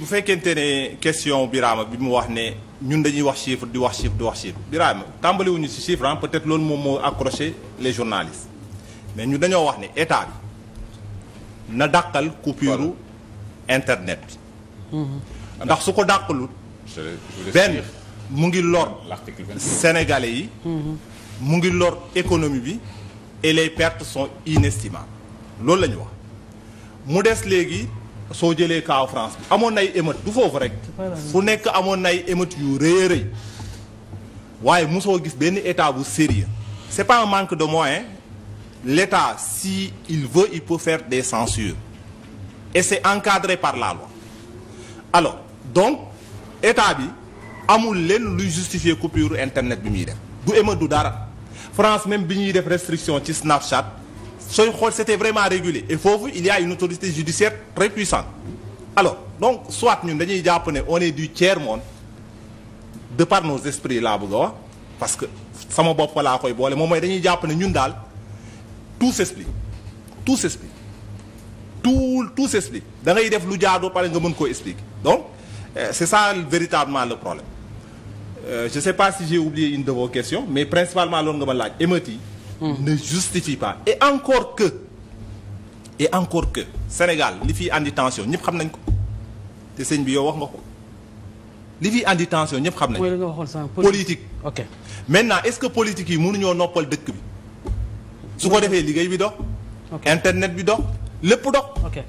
bu fekkente ne question Birama bi mu wax ne ñun dañuy wax chiffre di wax chiffre di wax chiffre Birama tàmbaliwuñu ci chiffre ah peut-être loolu moom moo accroché les journalistes mais ñu dañoo wax ne état bi na dàqal coupure internet ndax su ko dàqalu benn mu ngi lor. sénégalais yi. Mm-hmm. mu ngi lor économie bi et les perte son inestimables loolu lañu ñu wax mu des léegi. soo jëlee cas France bi amoon nay émeute du foofu rek fu nekk amoon nay émeute yu rëy rëy waaye mosoo gis benn état bu sérieux c'est pas manque de moyens l'état si il veut il peut faire des censures et c'est encadré par la loi alors donc état bi amul lenn luy justifier coupure internet bi muy def du émeute du dara France même bi ñuy def restriction ci Snapchat sooy xool c'était vraiment régulé et foofu il y a une autorité judiciaire très puissante alors donc soit ñun dañuy jàpp ne on est du tiers monde de par nos esprits laa bëgg wax parce que sama bopp laa koy boole moom mooy dañuy jàpp ne ñun daal tout s'explique tout s'explique tout tout s'explique da ngay def lu jaadoo pare nga mën koo expliquer donc euh, c'est ça véritablement le problème euh, je sais pas si j'ai oublié une de mais principalement loolu nga ma laaj émeutes yi Mm-hmm. ne justifie pas et encore que et encore que Sénégal li fi andi tension ñëpp xam nañ ko te sëñ bi yow wax nga ko li fiy andi tension ñëpp xam nañ mooy li nga waxoon sànq politique ok maintenant est-ce que politique yi mënuñoo noppal dëkk bi su ko defee liggéey bi dox internet bi dox lépp dox